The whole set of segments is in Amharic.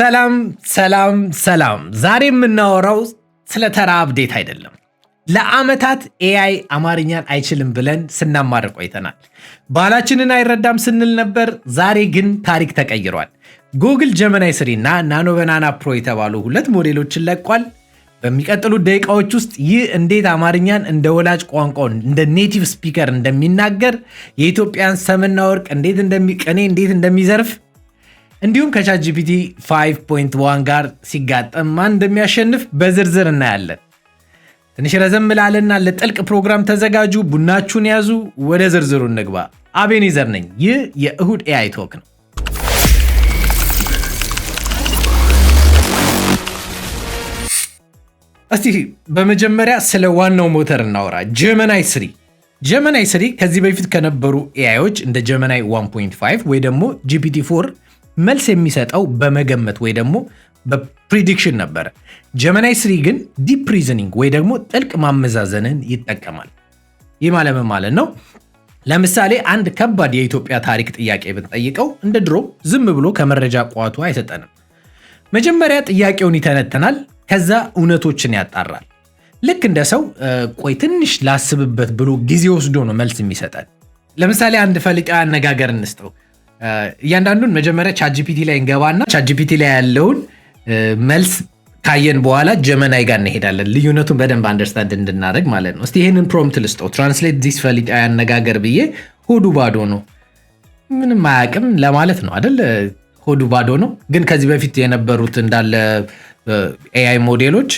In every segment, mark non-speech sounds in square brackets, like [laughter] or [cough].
ሰላም ሰላም ሰላም። ዛሬ የምናወራው ስለ ተራ አብዴት አይደለም። ለአመታት ኤአይ አማርኛን አይችልም ብለን ስናማር ቆይተናል። ባህላችንን አይረዳም ስንል ነበር። ዛሬ ግን ታሪክ ተቀይሯል። ጉግል ጀመናይ ስሪ እና ናኖ በናና ፕሮ የተባሉ ሁለት ሞዴሎችን ለቋል። በሚቀጥሉት ደቂቃዎች ውስጥ ይህ እንዴት አማርኛን እንደ ወላጅ ቋንቋው እንደ ኔቲቭ ስፒከር እንደሚናገር የኢትዮጵያን ሰምና ወርቅ እንዴት እንደሚቀኔ እንዴት እንደሚዘርፍ እንዲሁም ከቻት ጂፒቲ 5.1 ጋር ሲጋጠም ማን እንደሚያሸንፍ በዝርዝር እናያለን። ትንሽ ረዘም ላለና ለጥልቅ ፕሮግራም ተዘጋጁ፣ ቡናችሁን ያዙ። ወደ ዝርዝሩ እንግባ። አቤኔዘር ነኝ። ይህ የእሁድ ኤአይ ቶክ ነው። እስቲ በመጀመሪያ ስለ ዋናው ሞተር እናወራ። ጀመናይ ስሪ ጀመናይ ስሪ ከዚህ በፊት ከነበሩ ኤአዮች እንደ ጀመናይ 1.5 ወይ ደግሞ ጂፒቲ 4 መልስ የሚሰጠው በመገመት ወይ ደግሞ በፕሪዲክሽን ነበረ። ጀመናይ ስሪ ግን ዲፕ ሪዝኒንግ ወይ ደግሞ ጥልቅ ማመዛዘንን ይጠቀማል። ይህ ማለምን ማለት ነው። ለምሳሌ አንድ ከባድ የኢትዮጵያ ታሪክ ጥያቄ ብንጠይቀው እንደ ድሮ ዝም ብሎ ከመረጃ ቋቱ አይሰጠንም። መጀመሪያ ጥያቄውን ይተነተናል፣ ከዛ እውነቶችን ያጣራል። ልክ እንደ ሰው ቆይ ትንሽ ላስብበት ብሎ ጊዜ ወስዶ ነው መልስ የሚሰጠን። ለምሳሌ አንድ ፈልቃ አነጋገር እንስጠው። እያንዳንዱን መጀመሪያ ቻጂፒቲ ላይ እንገባና ቻጂፒቲ ላይ ያለውን መልስ ካየን በኋላ ጀመናይ ጋር እንሄዳለን። ልዩነቱን በደንብ አንደርስታንድ እንድናደርግ ማለት ነው። እስቲ ይህንን ፕሮምት ልስጦ ትራንስሌት ዚስ ፈሊድ አያነጋገር ብዬ ሆዱ ባዶ ነው ምንም አያቅም ለማለት ነው አይደል? ሆዱ ባዶ ነው። ግን ከዚህ በፊት የነበሩት እንዳለ ኤአይ ሞዴሎች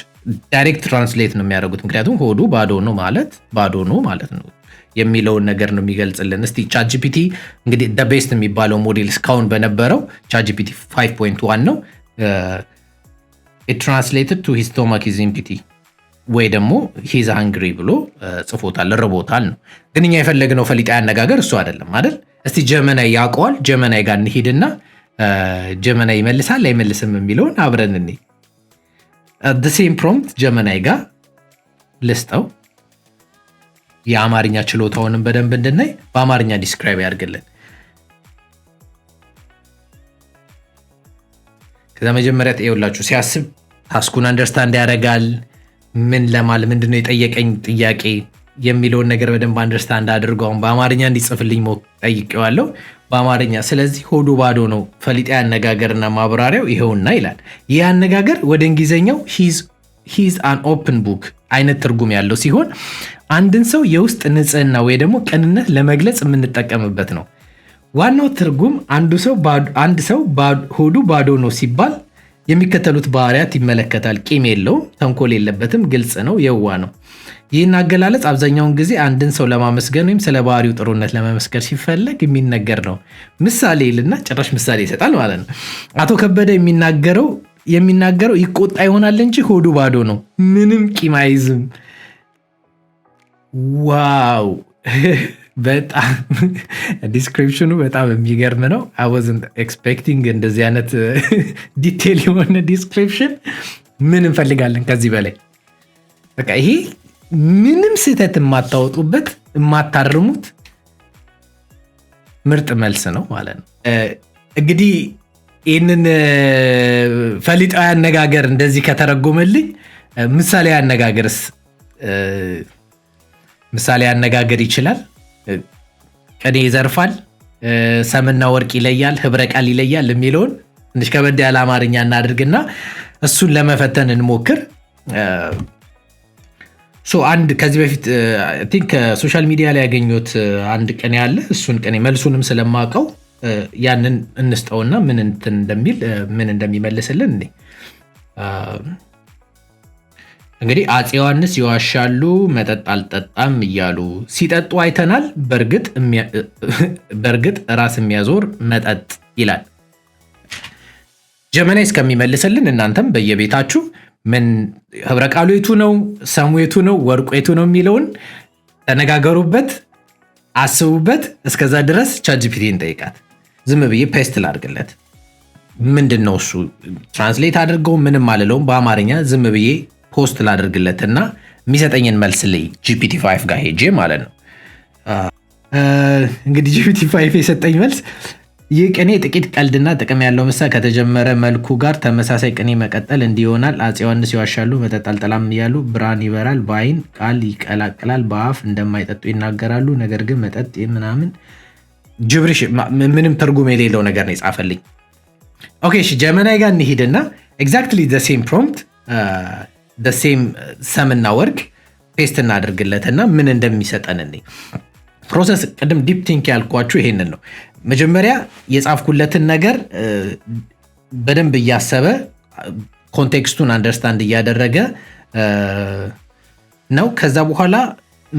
ዳይሬክት ትራንስሌት ነው የሚያደርጉት። ምክንያቱም ሆዱ ባዶ ነው ማለት ባዶ ነው ማለት ነው። የሚለውን ነገር ነው የሚገልጽልን። እስቲ ቻጂፒቲ እንግዲህ ደ ቤስት የሚባለው ሞዴል እስካሁን በነበረው ቻጂፒቲ 5.1 ነው። ትራንስሌትድ ቱ ሂዝ ስቶማክ ኢዝ ኢምፒቲ ወይ ደግሞ ሂዝ ሃንግሪ ብሎ ጽፎታል፣ ርቦታል ነው። ግን እኛ የፈለግነው ፈሊጣዊ አነጋገር እሱ አይደለም አይደል? እስቲ ጀመናይ ያውቀዋል። ጀመናይ ጋር እንሂድና ጀመናይ ይመልሳል አይመልስም የሚለውን አብረን እኔ ሴም ፕሮምፕት ጀመናይ ጋር ልስጠው የአማርኛ ችሎታውንም በደንብ እንድናይ በአማርኛ ዲስክራይብ ያደርግልን። ከዛ መጀመሪያ ጠየውላችሁ ሲያስብ ታስኩን አንደርስታንድ ያደርጋል። ምን ለማል ምንድነው የጠየቀኝ ጥያቄ የሚለውን ነገር በደንብ አንደርስታንድ አድርጎ አሁን በአማርኛ እንዲጽፍልኝ ጠይቄዋለሁ በአማርኛ። ስለዚህ ሆዱ ባዶ ነው። ፈሊጣ አነጋገርና ማብራሪያው ይኸውና ይላል። ይህ አነጋገር ወደ እንግሊዝኛው ሂዝ ሂዝ አን ኦፕን ቡክ አይነት ትርጉም ያለው ሲሆን አንድን ሰው የውስጥ ንጽህና ወይ ደግሞ ቅንነት ለመግለጽ የምንጠቀምበት ነው። ዋናው ትርጉም አንድ ሰው ሆዱ ባዶ ነው ሲባል የሚከተሉት ባህሪያት ይመለከታል። ቂም የለውም፣ ተንኮል የለበትም፣ ግልጽ ነው፣ የዋ ነው። ይህን አገላለጽ አብዛኛውን ጊዜ አንድን ሰው ለማመስገን ወይም ስለ ባህሪው ጥሩነት ለመመስገን ሲፈለግ የሚነገር ነው። ምሳሌ ልና ጭራሽ ምሳሌ ይሰጣል ማለት ነው። አቶ ከበደ የሚናገረው የሚናገረው ይቆጣ ይሆናል እንጂ ሆዱ ባዶ ነው። ምንም ቂም አይዝም። ዋው [laughs] በጣም [laughs] ዲስክሪፕሽኑ በጣም የሚገርም ነው። አይ ኤክስፔክቲንግ እንደዚህ አይነት [laughs] ዲቴል የሆነ ዲስክሪፕሽን። ምን እንፈልጋለን ከዚህ በላይ? በቃ ይሄ ምንም ስህተት የማታወጡበት የማታርሙት ምርጥ መልስ ነው ማለት ነው እንግዲህ ይህንን ፈሊጣዊ አነጋገር እንደዚህ ከተረጎመልኝ ምሳሌ አነጋገርስ ምሳሌ አነጋገር ይችላል። ቅኔ ይዘርፋል፣ ሰምና ወርቅ ይለያል፣ ህብረ ቃል ይለያል የሚለውን ትንሽ ከበድ ያለ አማርኛ እናድርግና እሱን ለመፈተን እንሞክር። አንድ ከዚህ በፊት ቲንክ ከሶሻል ሚዲያ ላይ ያገኙት አንድ ቅኔ አለ። እሱን ቅኔ መልሱንም ስለማውቀው ያንን እንስጠውና ምን እንትን እንደሚል ምን እንደሚመልስልን እ እንግዲህ አፄ ዮሐንስ ይዋሻሉ መጠጥ አልጠጣም እያሉ ሲጠጡ አይተናል። በእርግጥ ራስ የሚያዞር መጠጥ ይላል። ጀመናይ እስከሚመልስልን እናንተም በየቤታችሁ ምን ህብረ ቃሉ የቱ ነው፣ ሰሙ የቱ ነው፣ ወርቁ የቱ ነው የሚለውን ተነጋገሩበት፣ አስቡበት። እስከዛ ድረስ ቻጅፒቲን ጠይቃት። ዝም ብዬ ፔስት ላድርግለት። ምንድን ነው እሱ ትራንስሌት አድርገው ምንም አልለውም። በአማርኛ ዝም ብዬ ፖስት ላድርግለት እና የሚሰጠኝን መልስ ላይ ጂፒቲ ፋይቭ ጋር ሄጄ ማለት ነው። እንግዲህ ጂፒቲ ፋይቭ የሰጠኝ መልስ ይህ ቅኔ ጥቂት ቀልድና ጥቅም ያለው ምሳ ከተጀመረ መልኩ ጋር ተመሳሳይ ቅኔ መቀጠል እንዲሆናል። አጼ ዮሐንስ ይዋሻሉ፣ መጠጣልጠላም እያሉ ብርሃን ይበራል፣ በአይን ቃል ይቀላቅላል፣ በአፍ እንደማይጠጡ ይናገራሉ። ነገር ግን መጠጥ ምናምን ጅብሪሽ ምንም ትርጉም የሌለው ነገር ነው የጻፈልኝ። ኦኬ እሺ፣ ጀመናይ ጋር እንሂድና ኤግዛክትሊ ዘ ሴም ፕሮምፕት ዘ ሴም ሰምና ወርቅ ፔስት እናደርግለትና ምን እንደሚሰጠን እኔ ፕሮሰስ ቅድም ዲፕ ቲንክ ያልኳችሁ ይሄንን ነው። መጀመሪያ የጻፍኩለትን ነገር uh, በደንብ እያሰበ ኮንቴክስቱን አንደርስታንድ እያደረገ uh, ነው። ከዛ በኋላ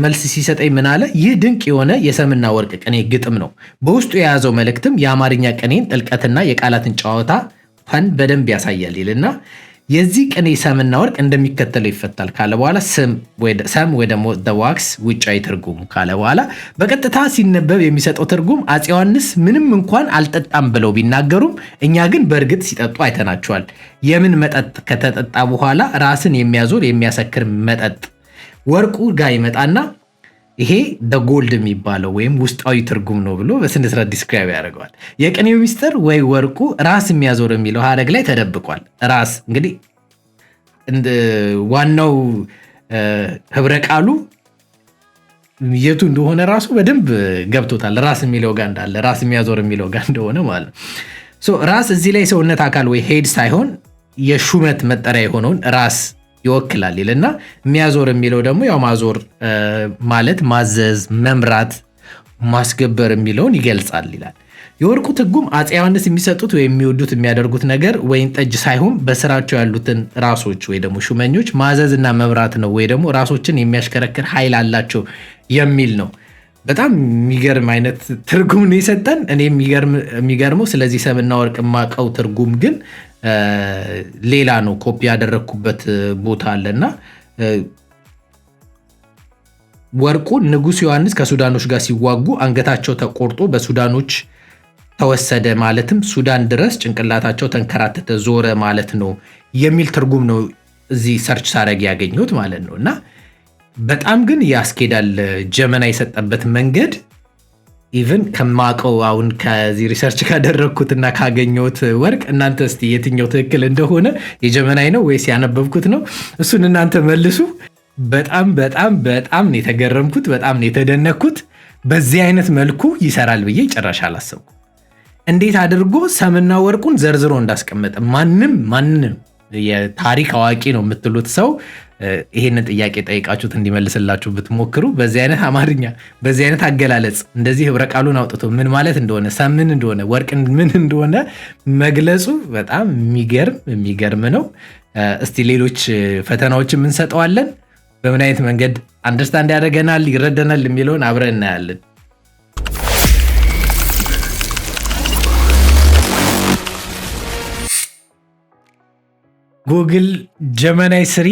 መልስ ሲሰጠኝ ምን አለ? ይህ ድንቅ የሆነ የሰምና ወርቅ ቅኔ ግጥም ነው። በውስጡ የያዘው መልእክትም የአማርኛ ቅኔን ጥልቀትና የቃላትን ጨዋታ ፈን በደንብ ያሳያል ይልና የዚህ ቅኔ ሰምና ወርቅ እንደሚከተለው ይፈታል ካለ በኋላ ሰም ወይ ደግሞ ዋክስ ውጫዊ ትርጉም ካለ በኋላ በቀጥታ ሲነበብ የሚሰጠው ትርጉም አፄ ዮሐንስ ምንም እንኳን አልጠጣም ብለው ቢናገሩም እኛ ግን በእርግጥ ሲጠጡ አይተናቸዋል። የምን መጠጥ ከተጠጣ በኋላ ራስን የሚያዞር የሚያሰክር መጠጥ ወርቁ ጋር ይመጣና ይሄ ደጎልድ የሚባለው ወይም ውስጣዊ ትርጉም ነው ብሎ በስነስርዓት ዲስክራይብ ያደርገዋል። የቅኔው ሚስጥር ወይ ወርቁ ራስ የሚያዞር የሚለው ሀረግ ላይ ተደብቋል። ራስ እንግዲህ ዋናው ህብረ ቃሉ የቱ እንደሆነ ራሱ በደንብ ገብቶታል። ራስ የሚለው ጋ እንዳለ ራስ የሚያዞር የሚለው ጋ እንደሆነ ማለት ራስ እዚህ ላይ ሰውነት አካል ወይ ሄድ ሳይሆን የሹመት መጠሪያ የሆነውን ራስ ይወክላል ይልና የሚያዞር የሚለው ደግሞ ያው ማዞር ማለት ማዘዝ፣ መምራት፣ ማስገበር የሚለውን ይገልጻል ይላል። የወርቁ ትርጉም አፄ ዮሐንስ የሚሰጡት ወይም የሚወዱት የሚያደርጉት ነገር ወይን ጠጅ ሳይሆን በስራቸው ያሉትን ራሶች ወይ ደግሞ ሹመኞች ማዘዝና መምራት ነው፣ ወይ ደግሞ ራሶችን የሚያሽከረክር ኃይል አላቸው የሚል ነው። በጣም የሚገርም አይነት ትርጉም ነው የሰጠን። እኔ የሚገርመው ስለዚህ ሰምና ወርቅ የማውቀው ትርጉም ግን ሌላ ነው ኮፒ ያደረግኩበት ቦታ አለና ወርቁ ንጉስ ዮሐንስ ከሱዳኖች ጋር ሲዋጉ አንገታቸው ተቆርጦ በሱዳኖች ተወሰደ ማለትም ሱዳን ድረስ ጭንቅላታቸው ተንከራተተ ዞረ ማለት ነው የሚል ትርጉም ነው እዚህ ሰርች ሳረግ ያገኘት ማለት ነው። እና በጣም ግን ያስኬዳል ጀመና የሰጠበት መንገድ ኢቨን ከማቀው አሁን ከዚህ ሪሰርች እና ካገኘሁት ወርቅ እናንተ እስቲ የትኛው ትክክል እንደሆነ የጀመናይ ነው ወይስ ያነበብኩት ነው? እሱን እናንተ መልሱ። በጣም በጣም በጣም ነው የተገረምኩት። በጣም ነው በዚህ አይነት መልኩ ይሰራል ብዬ ጭራሽ አላሰብኩ። እንዴት አድርጎ ሰምና ወርቁን ዘርዝሮ እንዳስቀመጠ ማንም ማንም የታሪክ አዋቂ ነው የምትሉት ሰው ይሄንን ጥያቄ ጠይቃችሁት እንዲመልስላችሁ ብትሞክሩ በዚህ አይነት አማርኛ በዚህ አይነት አገላለጽ እንደዚህ ህብረ ቃሉን አውጥቶ ምን ማለት እንደሆነ ሰምን እንደሆነ ወርቅ ምን እንደሆነ መግለጹ በጣም የሚገርም የሚገርም ነው። እስቲ ሌሎች ፈተናዎች እንሰጠዋለን። በምን አይነት መንገድ አንደርስታንድ ያደረገናል ይረደናል የሚለውን አብረን እናያለን። ጉግል ጀመናይ ስሪ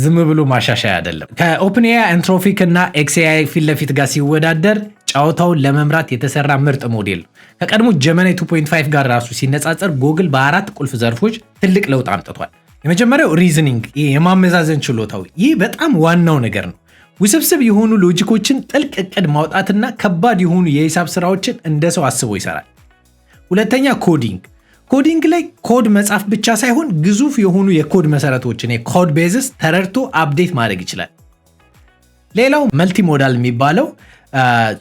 ዝም ብሎ ማሻሻያ አይደለም። ከኦፕንኤ ኤንትሮፒክ እና ኤክስኤአይ ፊት ለፊት ጋር ሲወዳደር ጨዋታውን ለመምራት የተሰራ ምርጥ ሞዴል ነው። ከቀድሞ ጀመናይ 2.5 ጋር ራሱ ሲነጻጸር ጎግል በአራት ቁልፍ ዘርፎች ትልቅ ለውጥ አምጥቷል። የመጀመሪያው ሪዝኒንግ፣ የማመዛዘን ችሎታው፣ ይህ በጣም ዋናው ነገር ነው። ውስብስብ የሆኑ ሎጂኮችን ጥልቅ እቅድ ማውጣትና ከባድ የሆኑ የሂሳብ ስራዎችን እንደ ሰው አስቦ ይሰራል። ሁለተኛ ኮዲንግ ኮዲንግ ላይ ኮድ መጻፍ ብቻ ሳይሆን ግዙፍ የሆኑ የኮድ መሰረቶችን የኮድ ቤዝስ ተረድቶ አፕዴት ማድረግ ይችላል። ሌላው መልቲ ሞዳል የሚባለው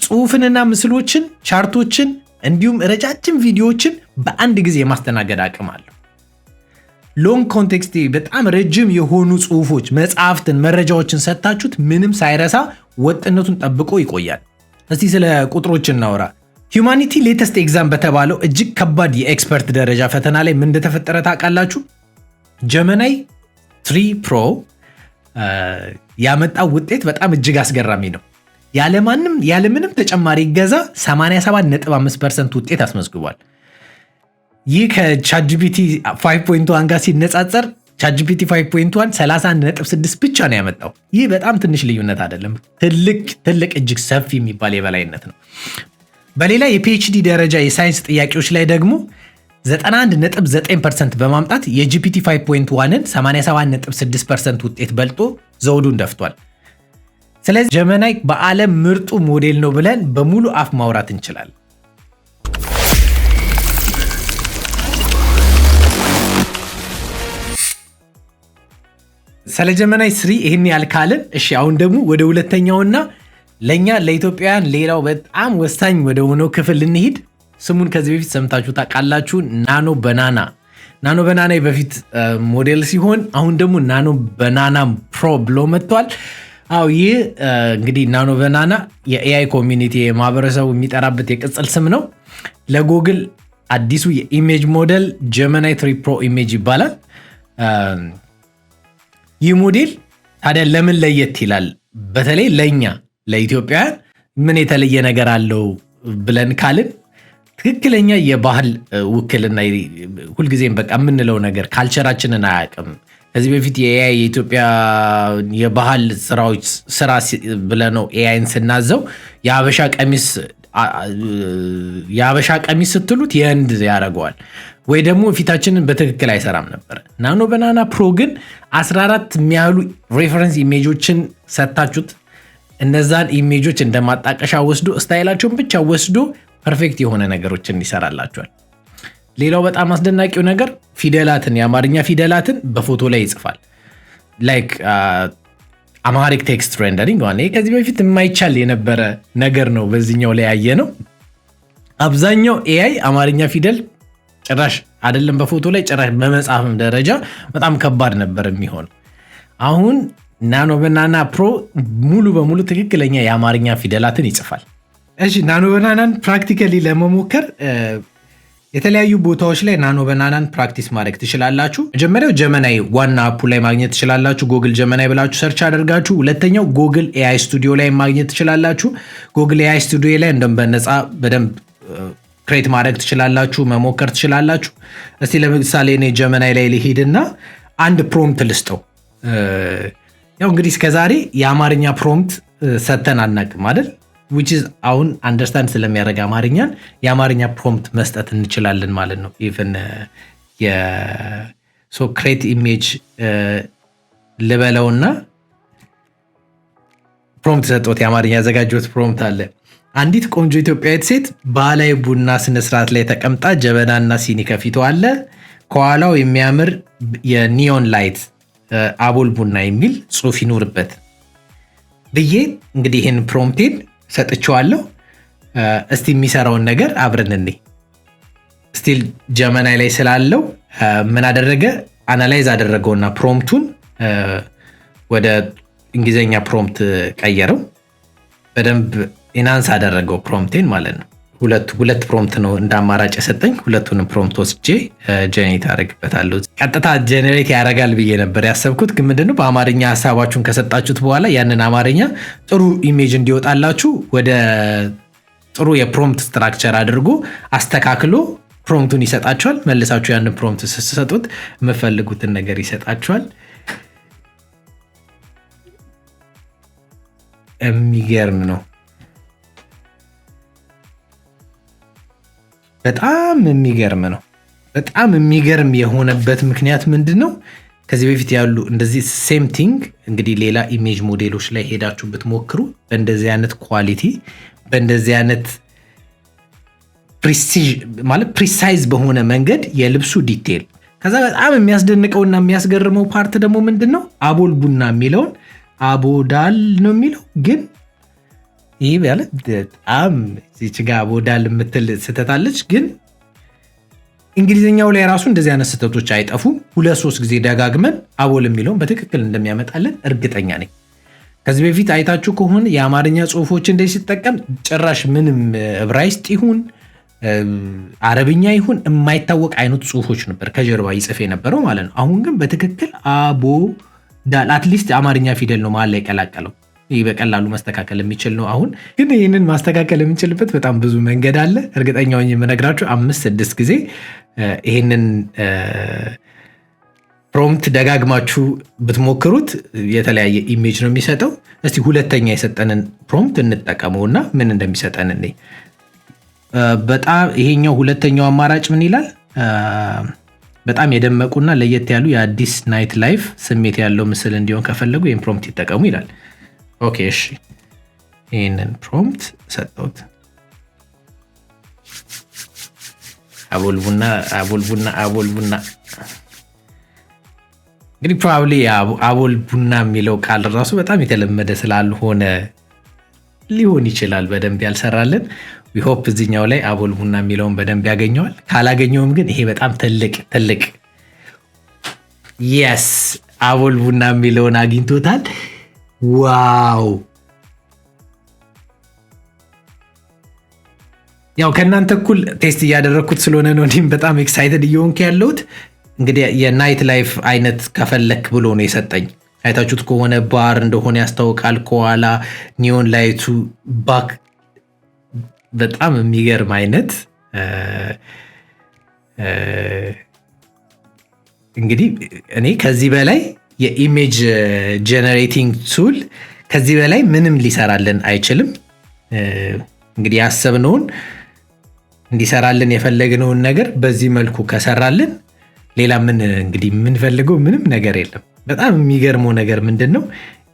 ጽሁፍንና ምስሎችን፣ ቻርቶችን እንዲሁም ረጃጅም ቪዲዮዎችን በአንድ ጊዜ የማስተናገድ አቅም አለው። ሎንግ ኮንቴክስት በጣም ረጅም የሆኑ ጽሁፎች መጽሐፍትን፣ መረጃዎችን ሰጥታችሁት ምንም ሳይረሳ ወጥነቱን ጠብቆ ይቆያል። እስቲ ስለ ቁጥሮች እናውራ። ሂዩማኒቲ ሌተስት ኤግዛም በተባለው እጅግ ከባድ የኤክስፐርት ደረጃ ፈተና ላይ ምን እንደተፈጠረ ታውቃላችሁ? ጀመናይ ትሪ ፕሮ ያመጣው ውጤት በጣም እጅግ አስገራሚ ነው። ያለማንም ያለምንም ተጨማሪ ገዛ 87.5% ውጤት አስመዝግቧል። ይህ ከቻትጂፒቲ 5.1 ጋር ሲነጻጸር ቻትጂፒቲ 5.1 31.6 ብቻ ነው ያመጣው። ይህ በጣም ትንሽ ልዩነት አይደለም፣ ትልቅ ትልቅ እጅግ ሰፊ የሚባል የበላይነት ነው። በሌላ የፒኤችዲ ደረጃ የሳይንስ ጥያቄዎች ላይ ደግሞ 91.9% በማምጣት የጂፒቲ 5.1ን 87.6% ውጤት በልጦ ዘውዱን ደፍቷል። ስለዚህ ጀመናይ በዓለም ምርጡ ሞዴል ነው ብለን በሙሉ አፍ ማውራት እንችላለን። ስለ ጀመናይ ስሪ ይህን ያልካልን፣ እሺ አሁን ደግሞ ወደ ሁለተኛውና ለእኛ ለኢትዮጵያውያን ሌላው በጣም ወሳኝ ወደ ሆነው ክፍል ልንሄድ። ስሙን ከዚህ በፊት ሰምታችሁ ታውቃላችሁ፣ ናኖ በናና። ናኖ በናና በፊት ሞዴል ሲሆን አሁን ደግሞ ናኖ በናና ፕሮ ብሎ መጥቷል። አዎ ይህ እንግዲህ ናኖ በናና የኤአይ ኮሚኒቲ የማህበረሰቡ የሚጠራበት የቅጽል ስም ነው። ለጎግል አዲሱ የኢሜጅ ሞዴል ጀመናይ ትሪ ፕሮ ኢሜጅ ይባላል። ይህ ሞዴል ታዲያ ለምን ለየት ይላል? በተለይ ለእኛ ለኢትዮጵያውያን ምን የተለየ ነገር አለው ብለን ካልን ትክክለኛ የባህል ውክልና ሁልጊዜም በቃ የምንለው ነገር ካልቸራችንን አያውቅም። ከዚህ በፊት የኤአይ የኢትዮጵያ የባህል ስራዎች ስራ ብለነው ኤአይን ስናዘው የሀበሻ ቀሚስ ስትሉት የህንድ ያደርገዋል ወይ ደግሞ ፊታችንን በትክክል አይሰራም ነበር። ናኖ በናና ፕሮ ግን 14 የሚያሉ ሬፈረንስ ኢሜጆችን ሰታችሁት እነዛን ኢሜጆች እንደማጣቀሻ ወስዶ ስታይላቸውን ብቻ ወስዶ ፐርፌክት የሆነ ነገሮችን ይሰራላቸዋል። ሌላው በጣም አስደናቂው ነገር ፊደላትን የአማርኛ ፊደላትን በፎቶ ላይ ይጽፋል። ላይክ አማሪክ ቴክስት ሬንደሪንግ ዋ ከዚህ በፊት የማይቻል የነበረ ነገር ነው። በዚኛው ላይ ያየ ነው። አብዛኛው ኤአይ አማርኛ ፊደል ጭራሽ አደለም በፎቶ ላይ ጭራሽ በመጽሐፍም ደረጃ በጣም ከባድ ነበር የሚሆነው። አሁን ናኖ በናና ፕሮ ሙሉ በሙሉ ትክክለኛ የአማርኛ ፊደላትን ይጽፋል። እሺ ናኖ በናናን ፕራክቲካሊ ለመሞከር የተለያዩ ቦታዎች ላይ ናኖ በናናን ፕራክቲስ ማድረግ ትችላላችሁ። መጀመሪያው ጀመናይ ዋና አፑ ላይ ማግኘት ትችላላችሁ። ጎግል ጀመናይ ብላችሁ ሰርች አደርጋችሁ። ሁለተኛው ጎግል ኤአይ ስቱዲዮ ላይ ማግኘት ትችላላችሁ። ጎግል ኤአይ ስቱዲዮ ላይ እንደም በነፃ በደንብ ክሬት ማድረግ ትችላላችሁ፣ መሞከር ትችላላችሁ። እስቲ ለምሳሌ እኔ ጀመናይ ላይ ልሂድና አንድ ፕሮምት ልስጠው ያው እንግዲህ እስከዛሬ የአማርኛ ፕሮምት ሰተን አናቅም አይደል? ዊች አሁን አንደርስታንድ ስለሚያደርግ አማርኛን የአማርኛ ፕሮምት መስጠት እንችላለን ማለት ነው። ኢቨን የሶክሬት ኢሜጅ ልበለውና ፕሮምት ሰጦት የአማርኛ ያዘጋጀሁት ፕሮምት አለ። አንዲት ቆንጆ ኢትዮጵያዊት ሴት ባህላዊ ቡና ስነስርዓት ላይ ተቀምጣ ጀበናና ሲኒ ከፊቷ አለ። ከኋላው የሚያምር የኒዮን ላይት አቦል ቡና የሚል ጽሁፍ ይኖርበት ብዬ እንግዲህ ይህን ፕሮምቴን ሰጥቼዋለሁ። uh, እስቲ የሚሰራውን ነገር አብረን እኔ ስቲል ጀመናይ ላይ ስላለው uh, ምን አደረገ አናላይዝ አደረገውና ፕሮምቱን uh, ወደ እንግሊዝኛ ፕሮምት ቀየረው። በደንብ ኢናንስ አደረገው ፕሮምቴን ማለት ነው። ሁለት ፕሮምት ነው እንደ አማራጭ የሰጠኝ። ሁለቱንም ፕሮምት ወስጄ ጀኔሬት አደርግበታለሁ። ቀጥታ ጀኔሬት ያደርጋል ብዬ ነበር ያሰብኩት፣ ግን ምንድነው በአማርኛ ሀሳባችሁን ከሰጣችሁት በኋላ ያንን አማርኛ ጥሩ ኢሜጅ እንዲወጣላችሁ ወደ ጥሩ የፕሮምት ስትራክቸር አድርጎ አስተካክሎ ፕሮምቱን ይሰጣችኋል። መልሳችሁ ያንን ፕሮምት ስትሰጡት የምፈልጉትን ነገር ይሰጣችኋል። የሚገርም ነው። በጣም የሚገርም ነው። በጣም የሚገርም የሆነበት ምክንያት ምንድን ነው? ከዚህ በፊት ያሉ እንደዚህ ሴም ቲንግ እንግዲህ ሌላ ኢሜጅ ሞዴሎች ላይ ሄዳችሁ ብትሞክሩ በእንደዚህ አይነት ኳሊቲ በእንደዚህ አይነት ማለት ፕሪሳይዝ በሆነ መንገድ የልብሱ ዲቴል ከዛ በጣም የሚያስደንቀውና የሚያስገርመው ፓርት ደግሞ ምንድን ነው አቦል ቡና የሚለውን አቦዳል ነው የሚለው ግን ይህ ማለት በጣም ችጋ ቦዳል የምትል ስህተት አለች። ግን እንግሊዝኛው ላይ ራሱ እንደዚህ አይነት ስህተቶች አይጠፉም። ሁለት ሶስት ጊዜ ደጋግመን አቦል የሚለውን በትክክል እንደሚያመጣለን እርግጠኛ ነኝ። ከዚህ በፊት አይታችሁ ከሆነ የአማርኛ ጽሁፎች እንደዚህ ሲጠቀም ጭራሽ ምንም እብራይስጥ ይሁን አረብኛ ይሁን የማይታወቅ አይነት ጽሁፎች ነበር ከጀርባ ይጽፍ የነበረው ማለት ነው። አሁን ግን በትክክል አቦ ዳል አትሊስት አማርኛ ፊደል ነው መሀል ላይ ቀላቀለው ይህ በቀላሉ መስተካከል የሚችል ነው። አሁን ግን ይህንን ማስተካከል የምንችልበት በጣም ብዙ መንገድ አለ። እርግጠኛው የምነግራችሁ አምስት ስድስት ጊዜ ይህንን ፕሮምፕት ደጋግማችሁ ብትሞክሩት የተለያየ ኢሜጅ ነው የሚሰጠው። እስቲ ሁለተኛ የሰጠንን ፕሮምፕት እና ምን እንደሚሰጠን እኔ በጣም ይሄኛው ሁለተኛው አማራጭ ምን ይላል? በጣም የደመቁና ለየት ያሉ የአዲስ ናይት ላይፍ ስሜት ያለው ምስል እንዲሆን ከፈለጉ ይህን ፕሮምፕት ይጠቀሙ ይላል። ኦኬ እሺ፣ ይህንን ፕሮምፕት ሰጠሁት። አቦልቡና አቦልቡና አቦልቡና እንግዲህ ፕሮባብሊ አቦል ቡና የሚለው ቃል ራሱ በጣም የተለመደ ስላልሆነ ሊሆን ይችላል በደንብ ያልሰራልን። ሆፕ እዚኛው ላይ አቦል ቡና የሚለውን በደንብ ያገኘዋል። ካላገኘውም ግን ይሄ በጣም ትልቅ ትልቅ የስ አቦል ቡና የሚለውን አግኝቶታል። ዋው ያው ከእናንተ እኩል ቴስት እያደረግኩት ስለሆነ ነው እኔም በጣም ኤክሳይትድ እየሆንክ ያለሁት። እንግዲህ የናይት ላይፍ አይነት ከፈለክ ብሎ ነው የሰጠኝ። አይታችሁት ከሆነ ባር እንደሆነ ያስታውቃል። ከኋላ ኒዮን ላይቱ ባክ፣ በጣም የሚገርም አይነት እንግዲህ እኔ ከዚህ በላይ የኢሜጅ ጀነሬቲንግ ቱል ከዚህ በላይ ምንም ሊሰራልን አይችልም። እንግዲህ ያሰብነውን እንዲሰራልን የፈለግነውን ነገር በዚህ መልኩ ከሰራልን ሌላ ምን እንግዲህ የምንፈልገው ምንም ነገር የለም። በጣም የሚገርመው ነገር ምንድን ነው?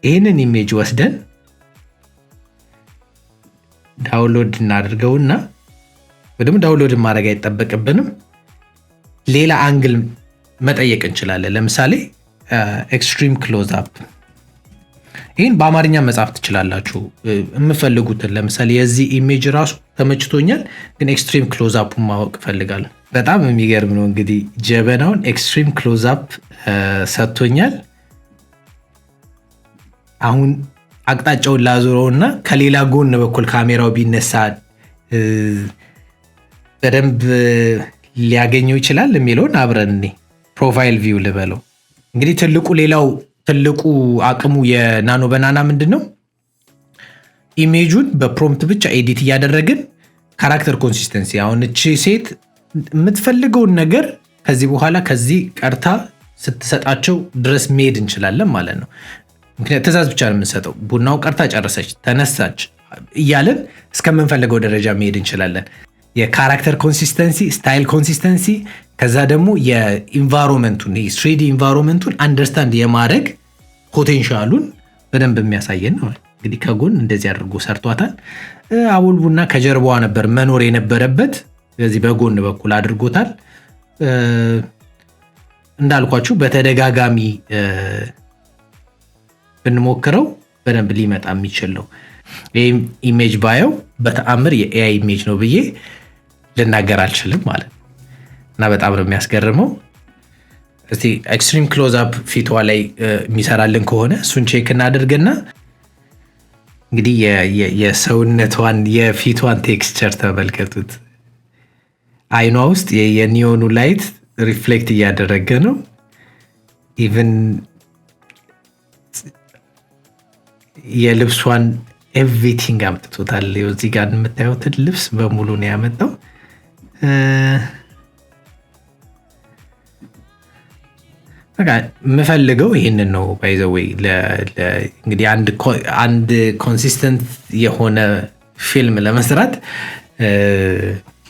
ይህንን ኢሜጅ ወስደን ዳውንሎድ እናድርገውና ወይም ዳውንሎድ ማድረግ አይጠበቅብንም። ሌላ አንግል መጠየቅ እንችላለን። ለምሳሌ ኤክስትሪም ክሎዝ አፕ ይህን በአማርኛ መጽሐፍ ትችላላችሁ uh, የምፈልጉትን። ለምሳሌ የዚህ ኢሜጅ ራሱ ተመችቶኛል፣ ግን ኤክስትሪም ክሎዝ አፑን ማወቅ እፈልጋለሁ። በጣም የሚገርም ነው እንግዲህ ጀበናውን ኤክስትሪም ክሎዝ አፕ ሰጥቶኛል። አሁን አቅጣጫውን ላዙረው እና ከሌላ ጎን በኩል ካሜራው ቢነሳ uh, በደንብ ሊያገኘው ይችላል የሚለውን አብረን ፕሮፋይል ቪው ልበለው እንግዲህ ትልቁ ሌላው ትልቁ አቅሙ የናኖ በናና ምንድን ነው? ኢሜጁን በፕሮምፕት ብቻ ኤዲት እያደረግን ካራክተር ኮንሲስተንሲ። አሁን እቺ ሴት የምትፈልገውን ነገር ከዚህ በኋላ ከዚህ ቀርታ ስትሰጣቸው ድረስ መሄድ እንችላለን ማለት ነው። ምክንያት ትእዛዝ ብቻ ነው የምንሰጠው። ቡናው ቀርታ ጨረሰች፣ ተነሳች እያለን እስከምንፈልገው ደረጃ መሄድ እንችላለን። የካራክተር ኮንሲስተንሲ፣ ስታይል ኮንሲስተንሲ፣ ከዛ ደግሞ የኢንቫይሮንመንቱን ስሬዲ ኢንቫይሮንመንቱን አንደርስታንድ የማድረግ ፖቴንሻሉን በደንብ የሚያሳየን ነው። እንግዲህ ከጎን እንደዚህ አድርጎ ሰርቷታል። አቦል ቡና ከጀርባዋ ነበር መኖር የነበረበት፣ ስለዚህ በጎን በኩል አድርጎታል። እንዳልኳችሁ በተደጋጋሚ ብንሞክረው በደንብ ሊመጣ የሚችል ነው። ይህ ኢሜጅ ባየው በተአምር የኤአይ ኢሜጅ ነው ብዬ ልናገር አልችልም ማለት ነው። እና በጣም ነው የሚያስገርመው። እስቲ ኤክስትሪም ክሎዝ አፕ ፊቷ ላይ የሚሰራልን ከሆነ እሱን ቼክ እናደርግና እንግዲህ የሰውነቷን የፊቷን ቴክስቸር ተመልከቱት። አይኗ ውስጥ የኒዮኑ ላይት ሪፍሌክት እያደረገ ነው። ኢቨን የልብሷን ኤቭሪቲንግ አምጥቶታል። እዚህ ጋር ልብስ በሙሉ ነው ያመጣው። የምፈልገው ይህንን ነው። ባይዘወይ እንግዲህ አንድ ኮንሲስተንት የሆነ ፊልም ለመስራት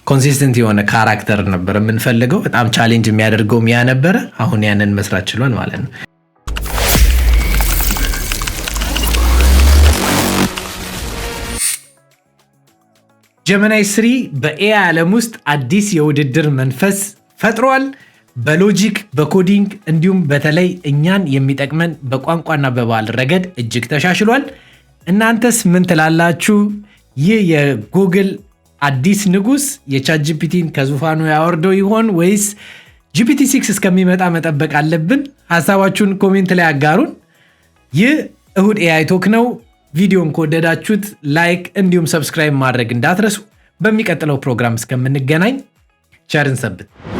ኮንሲስተንት የሆነ ካራክተር ነበር የምንፈልገው። በጣም ቻሌንጅ የሚያደርገውም ሚያ ነበረ። አሁን ያንን መስራት ችሏል ማለት ነው። ጀመናይ ስሪ በኤአይ ዓለም ውስጥ አዲስ የውድድር መንፈስ ፈጥሯል። በሎጂክ በኮዲንግ እንዲሁም በተለይ እኛን የሚጠቅመን በቋንቋና በባህል ረገድ እጅግ ተሻሽሏል። እናንተስ ምን ትላላችሁ? ይህ የጉግል አዲስ ንጉስ የቻት ጂፒቲን ከዙፋኑ ያወርደው ይሆን ወይስ ጂፒቲ ሲክስ እስከሚመጣ መጠበቅ አለብን? ሀሳባችሁን ኮሜንት ላይ አጋሩን። ይህ እሁድ ኤአይ ቶክ ነው። ቪዲዮን ከወደዳችሁት ላይክ እንዲሁም ሰብስክራይብ ማድረግ እንዳትረሱ። በሚቀጥለው ፕሮግራም እስከምንገናኝ ቸርን ሰብት